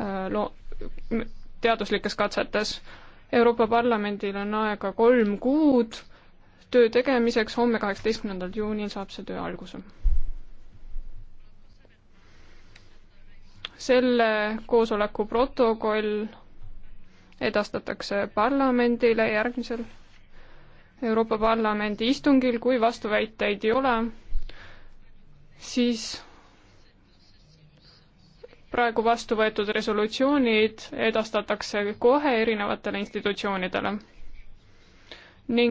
Äh, loo-, teaduslikes katsetes. Euroopa Parlamendil on aega kolm kuud töö tegemiseks, homme, kaheksateistkümnendal juunil saab see töö alguse. selle koosoleku protokoll edastatakse parlamendile järgmisel Euroopa Parlamendi istungil, kui vastuväiteid ei ole, siis praegu vastu võetud resolutsioonid edastatakse kohe erinevatele institutsioonidele